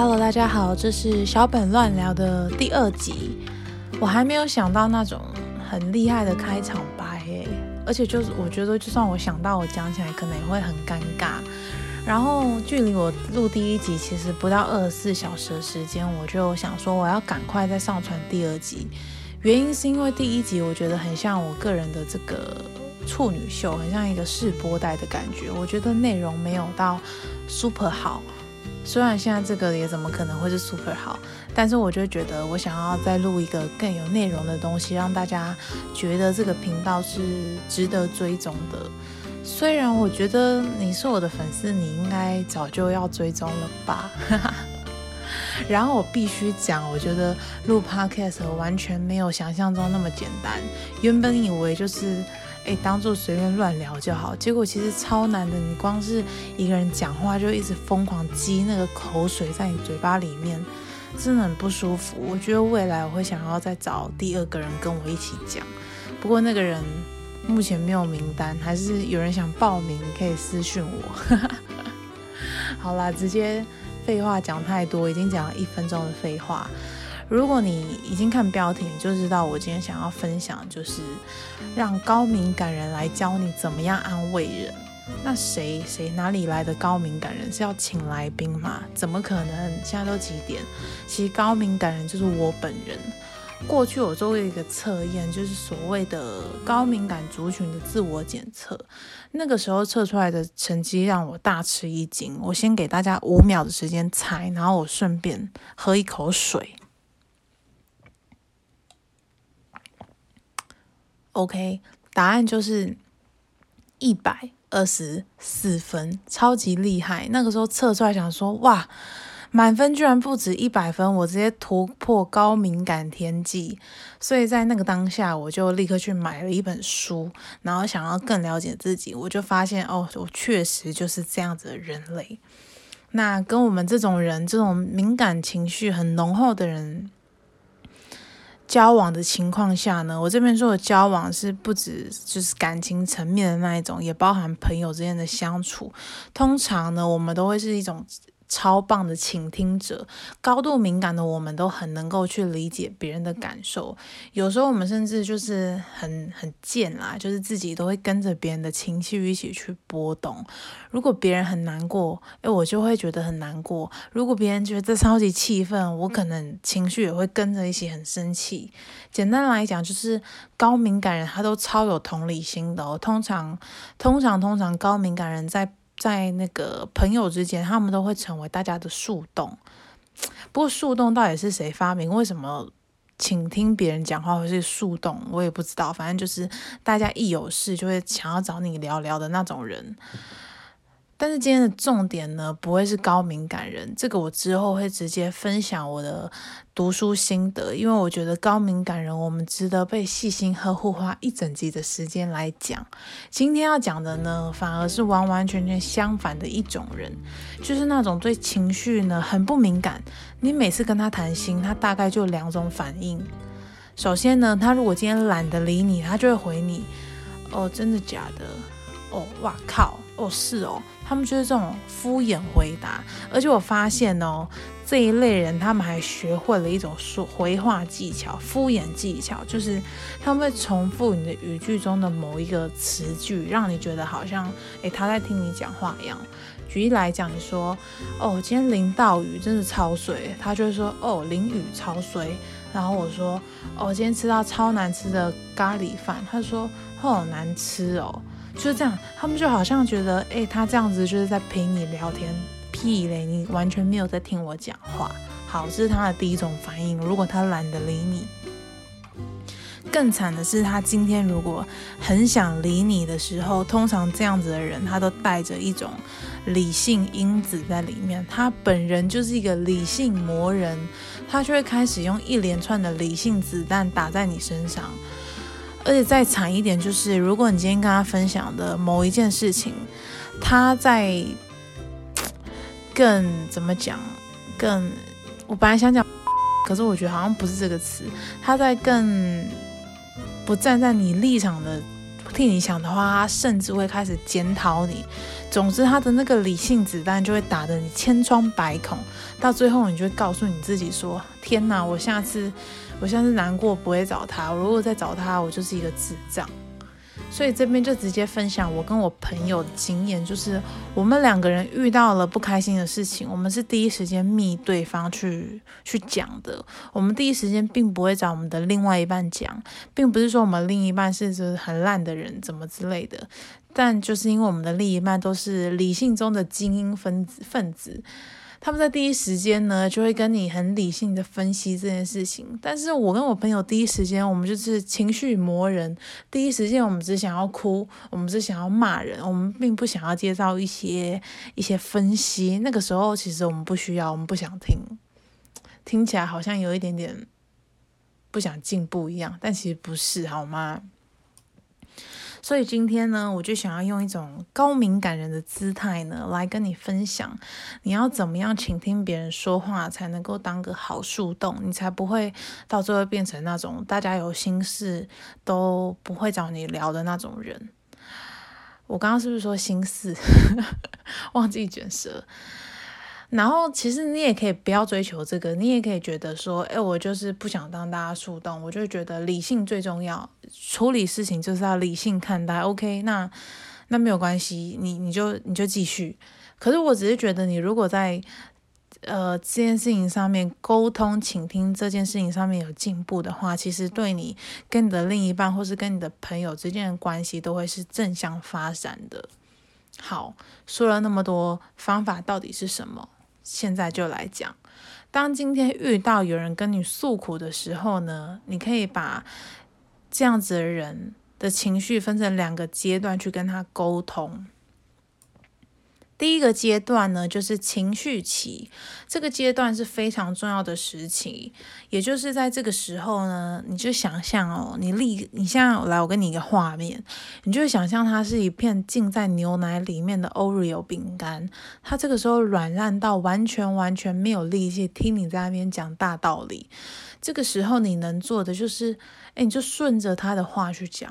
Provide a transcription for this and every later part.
Hello，大家好，這是小本亂聊的第二集。我還沒有想到那種很厲害的開場白，而且就是我覺得，就算我想到，我講起來可能也會很尷尬。然後距離我錄第一集其實不到二十四小時的時間，我就想說我要趕快再上傳第二集。原因是因為第一集我覺得很像我個人的這個處女秀，很像一個試播帶的感覺。我覺得內容沒有到 super 好。雖然現在這個也怎麼可能會是 super 好，但是我就覺得我想要再錄一個更有內容的東西，讓大家覺得這個頻道是值得追蹤的。雖然我覺得你是我的粉絲，你應該早就要追蹤了吧？ 然後我必須講，我覺得錄 podcast 完全沒有想象中那麼簡單。原本以為就是。哎，當做隨便亂聊就好。結果其實超難的，你光是一個人講話，就一直瘋狂積那個口水在你嘴巴裡面，真的很不舒服。我覺得未來我會想要再找第二個人跟我一起講，不過那個人目前沒有名單，還是有人想報名，可以私訊我。 好啦，直接廢話講太多，已經講了一分鐘的廢話。如果你已經看標題，你就知道我今天想要分享的就是讓高敏感人來教你怎麼樣安慰人。那誰誰哪裡來的高敏感人？是要請來賓嗎？怎麼可能？現在都幾點？其實高敏感人就是我本人。過去我做過一個測驗，就是所謂的高敏感族群的自我檢測。那個時候測出來的成績讓我大吃一驚。我先給大家五秒的時間猜，然後我順便喝一口水。OK，答案就是一百二十四分，超級厲害。那個時候測出來，想說哇，滿分居然不止一百分，我直接突破高敏感天際。所以在那個當下，我就立刻去買了一本書，然後想要更了解自己。我就發現哦，我確實就是這樣子的人類。那跟我們這種人，這種敏感情緒很濃厚的人。交往的情況下呢，我這邊說的交往是不止就是感情層面的那一種，也包含朋友之間的相處。通常呢，我們都會是一種超棒的傾聽者，高度敏感的我們都很能夠去理解別人的感受。有時候我們甚至就是很很賤啦，就是自己都會跟着別人的情緒一起去波動。如果別人很難過，誒，我就會覺得很難過；如果別人覺得超級氣憤，我可能情緒也會跟着一起很生氣。簡單來講，就是高敏感人他都超有同理心的哦。通常，通常，通常高敏感人在。在那個朋友之間，他們都會成為大家的樹洞。不過樹洞到底是誰發明？為什麼傾聽別人講話會是樹洞？我也不知道。反正就是大家一有事就會想要找你聊聊的那種人。但是今天的重點呢，不會是高敏感人，這個我之後會直接分享我的讀書心得，因為我覺得高敏感人我們值得被細心呵護，花一整集的時間來講。今天要講的呢，反而是完完全全相反的一種人，就是那種對情緒呢很不敏感，你每次跟他談心，他大概就兩種反應。首先呢，他如果今天懶得理你，他就會回你，哦，真的假的？哦，哇靠！哦，是哦，他們就是這種敷衍回答。而且我發現哦，這一類人他們還學會了一種說回話技巧、敷衍技巧，就是他們會重複你的語句中的某一個詞句，讓你覺得好像誒，他在聽你講話一樣。舉例來講，你說哦，今天淋到雨，真是超水，他就說哦，淋雨超水。然後我說哦，今天吃到超難吃的咖喱飯，他就說好難吃哦。就這樣，他們就好像覺得，誒、欸，他這樣子就是在陪你聊天，屁嘞！你完全沒有在聽我講話。好，這是他的第一種反應。如果他懶得理你，更慘的是，他今天如果很想理你的時候，通常這樣子的人，他都帶着一種理性因子在裡面。他本人就是一個理性魔人，他就會開始用一連串的理性子彈打在你身上。而且再慘一點，就是如果你今天跟他分享的某一件事情，他在更，怎麼講？更，我本來想講，可是我覺得好像不是這個詞。他在更不站在你立場的。替你想的話，他甚至會開始檢討你。總之，他的那個理性子彈就會打得你千瘡百孔。到最後，你就會告訴你自己說：“天吶，我下次我下次難過不會找他。我如果再找他，我就是一個智障。”所以這邊就直接分享我跟我朋友的經驗，就是我們兩個人遇到了不開心的事情，我們是第一時間密對方去去講的。我們第一時間並不會找我們的另外一半講，並不是說我們另一半是是很爛的人怎麼之類的，但就是因為我們的另一半都是理性中的精英分子分子。他們在第一時間呢，就會跟你很理性的分析這件事情。但是我跟我朋友第一時間，我們就是情緒磨人。第一時間我們只想要哭，我們只想要罵人，我們並不想要接受一些一些分析。那個時候其實我們不需要，我們不想聽，聽起來好像有一點點不想進步一樣，但其實不是，好嗎？所以今天呢，我就想要用一種高敏感人的姿態呢，來跟你分享，你要怎麼樣傾聽別人說話，才能夠當個好樹洞，你才不會到最後變成那種大家有心事都不會找你聊的那種人。我剛剛是不是說心事？ 忘記卷舌了。然後其實你也可以不要追求這個，你也可以覺得說，哎、欸，我就是不想當大家樹洞，我就覺得理性最重要，處理事情就是要理性看待。OK，那那沒有關係，你你就你就繼續。可是我只是覺得，你如果在呃這件事情上面溝通、傾聽這件事情上面有進步的話，其實對你跟你的另一半或是跟你的朋友之間的關係都會是正向發展的。好，說了那麼多方法，到底是什麼？現在就來講，當今天遇到有人跟你訴苦的時候呢,你可以把這樣子的人的情緒分成兩個階段去跟他溝通。第一個階段呢，就是情緒期。這個階段是非常重要的時期，也就是在這個時候呢，你就想象哦，你立，你現在我來，我給你一個畫面，你就想象它是一片浸在牛奶裡面的 Oreo 餅乾，它這個時候軟爛到完全完全沒有力氣聽你在那邊講大道理。這個時候你能做的就是，誒、欸，你就順着他的話去講。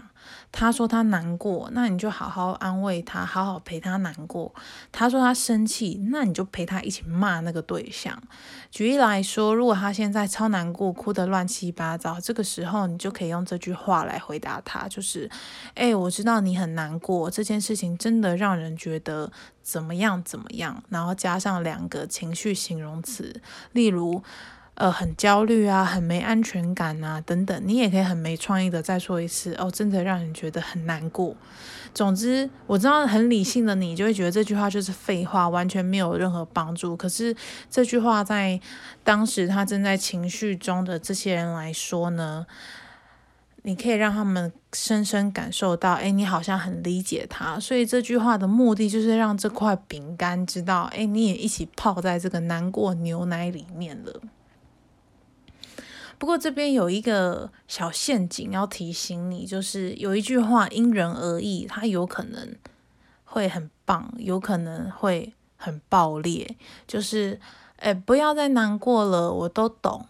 他說他難過，那你就好好安慰他，好好陪他難過。他說他生氣，那你就陪他一起罵那個對象。舉例來說，如果他現在超難過，哭得亂七八糟，這個時候你就可以用這句話來回答他，就是：“欸，我知道你很難過，這件事情真的讓人覺得怎麼樣怎麼樣。”然後加上兩個情緒形容詞，例如。呃，很焦慮啊，很沒安全感啊，等等，你也可以很沒創意的再說一次哦，真的讓人覺得很難過。總之，我知道很理性的你就會覺得這句話就是廢話，完全沒有任何幫助。可是這句話在當時他正在情緒中的這些人來說呢，你可以讓他們深深感受到，哎，你好像很理解他。所以這句話的目的就是讓這塊餅乾知道，哎，你也一起泡在這個難過牛奶裡面了。不過這邊有一個小陷阱，要提醒你，就是有一句話因人而異，它有可能會很棒，有可能會很爆裂。就是，哎、欸，不要再難過了，我都懂。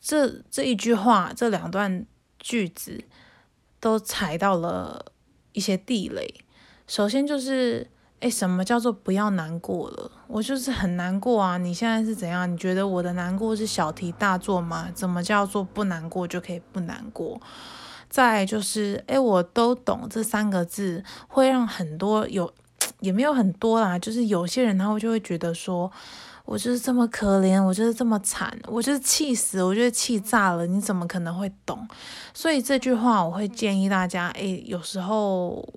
這這一句話，這兩段句子都踩到了一些地雷。首先就是。欸，什麼叫做不要難過了？我就是很難過啊！你現在是怎樣？你覺得我的難過是小題大做嗎？怎麼叫做不難過就可以不難過？再就是，欸，我都懂這三個字會讓很多有，也沒有很多啦，就是有些人他會就會覺得說，我就是這麼可憐，我就是這麼慘，我就是氣死，我就是氣炸了，你怎麼可能會懂？所以這句話我會建議大家，欸，有時候。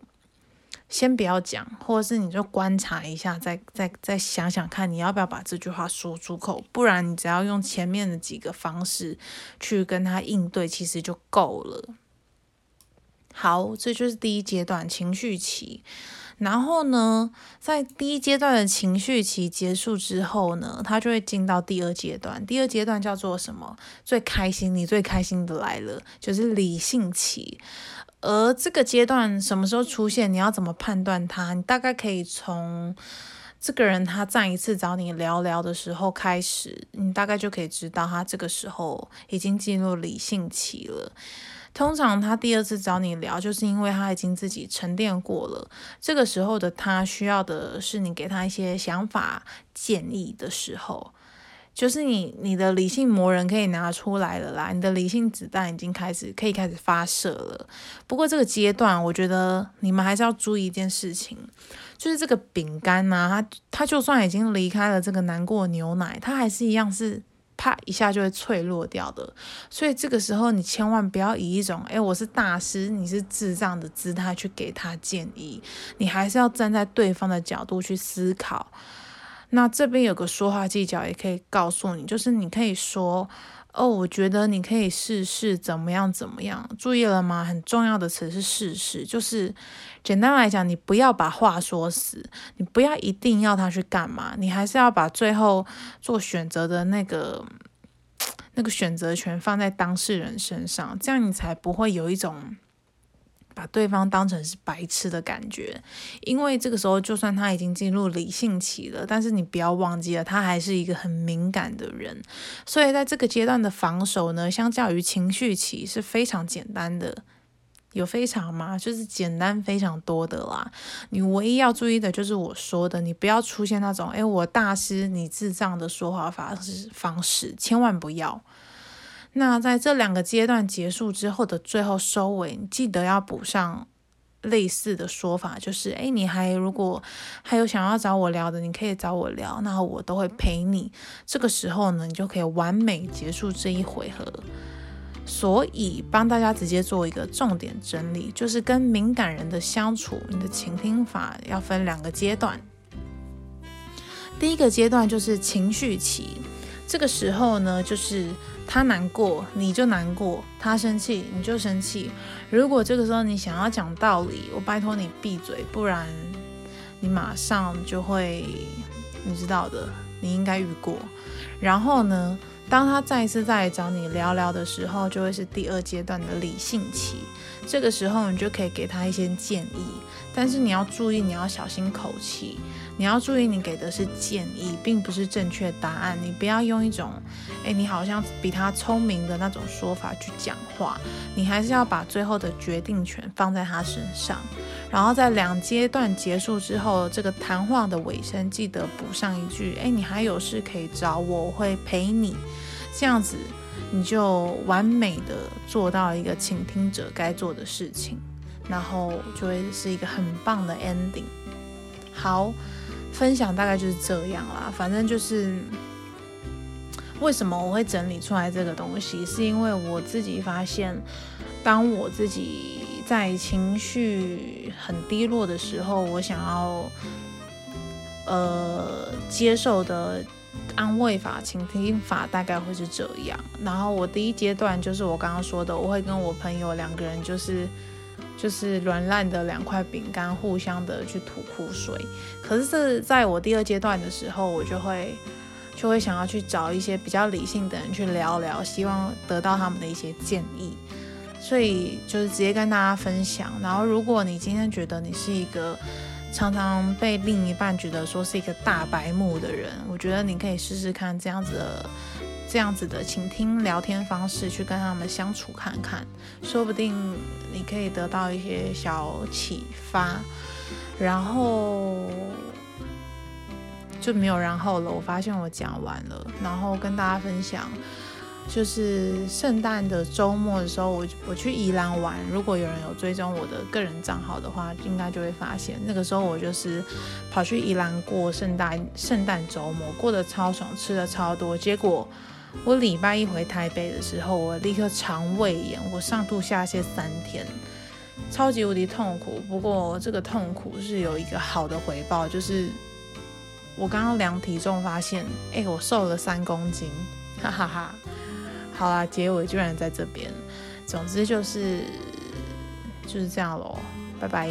先不要講，或者是你就觀察一下，再再再想想看，你要不要把這句話說出口？不然你只要用前面的幾個方式去跟他應對，其實就夠了。好，這就是第一階段，情緒期。然後呢，在第一階段的情緒期結束之後呢，他就會進到第二階段。第二階段叫做什麼？最開心，你最開心的來了，就是理性期。而這個階段什麼時候出現？你要怎麼判斷他？你大概可以從這個人他再一次找你聊聊的時候開始，你大概就可以知道他這個時候已經進入理性期了。通常他第二次找你聊，就是因為他已經自己沉澱過了。這個時候的他需要的是你給他一些想法、建議的時候，就是你你的理性魔人可以拿出來了啦，你的理性子彈已經開始可以開始發射了。不過這個階段，我覺得你們還是要注意一件事情，就是這個餅乾呢、啊，他他就算已經離開了這個難過牛奶，他還是一樣是。啪一下就會脆弱掉的，所以這個時候你千萬不要以一種“哎，我是大師，你是智障”的姿態去給他建議，你還是要站在對方的角度去思考。那這邊有個說話技巧，也可以告訴你，就是你可以說。哦，我覺得你可以試試怎麼樣怎麼樣？注意了嗎？很重要的詞是“試試”，就是簡單來講，你不要把話說死，你不要一定要他去幹嘛，你還是要把最後做選擇的那個那個選擇權放在當事人身上，這樣你才不會有一種。把對方當成是白痴的感覺，因為這個時候，就算他已經進入理性期了，但是你不要忘記了，他還是一個很敏感的人，所以在這個階段的防守呢，相較於情緒期是非常簡單的，有非常嗎？就是簡單非常多的啦。你唯一要注意的就是我說的，你不要出現那種“誒、哎，我大師，你智障”的說話方式方式，千萬不要。那在這兩個階段結束之後的最後收尾，你記得要補上類似的說法，就是欸，你還如果還有想要找我聊的，你可以找我聊，那我都會陪你。這個時候呢，你就可以完美結束這一回合。所以幫大家直接做一個重點整理，就是跟敏感人的相處，你的傾聽法要分兩個階段。第一個階段就是情緒期。這個時候呢，就是他難過你就難過，他生氣你就生氣。如果這個時候你想要講道理，我拜托你閉嘴，不然你馬上就會，你知道的，你應該遇過。然後呢，當他再一次再找你聊聊的時候，就會是第二階段的理性期。這個時候你就可以給他一些建議，但是你要注意，你要小心口氣。你要注意，你給的是建議，並不是正確答案。你不要用一種“欸，你好像比他聰明”的那種說法去講話。你還是要把最後的決定權放在他身上。然後在兩階段結束之後，這個談話的尾聲，記得補上一句：“欸，你還有事可以找我，我會陪你。”這樣子你就完美地做到了一個傾聽者該做的事情，然後就會是一個很棒的 ending。好。分享大概就是這樣啦，反正就是為什麼我會整理出來這個東西，是因為我自己發現，當我自己在情緒很低落的時候，我想要呃接受的安慰法、傾聽法大概會是這樣。然後我第一階段就是我剛剛說的，我會跟我朋友兩個人就是。就是軟爛的兩塊餅乾互相的去吐苦水，可是是在我第二階段的時候，我就會就會想要去找一些比較理性的人去聊聊，希望得到他們的一些建議。所以就是直接跟大家分享。然後如果你今天覺得你是一個常常被另一半覺得說是一個大白目的人，我覺得你可以試試看這樣子的。這樣子的傾聽聊天方式去跟他們相處看看，說不定你可以得到一些小啟發。然後就沒有然後了。我發現我講完了，然後跟大家分享，就是聖誕的週末的時候我，我我去宜蘭玩。如果有人有追蹤我的個人賬號的話，應該就會發現那個時候我就是跑去宜蘭過聖誕，聖誕週末過得超爽，吃得超多，結果。我禮拜一回台北的時候，我立刻腸胃炎，我上吐下瀉三天，超級無敵痛苦。不過這個痛苦是有一個好的回報，就是我剛剛量體重發現，哎、欸，我瘦了三公斤，哈哈哈哈。好啦，結尾居然在這邊，總之就是就是這樣嘍，拜拜。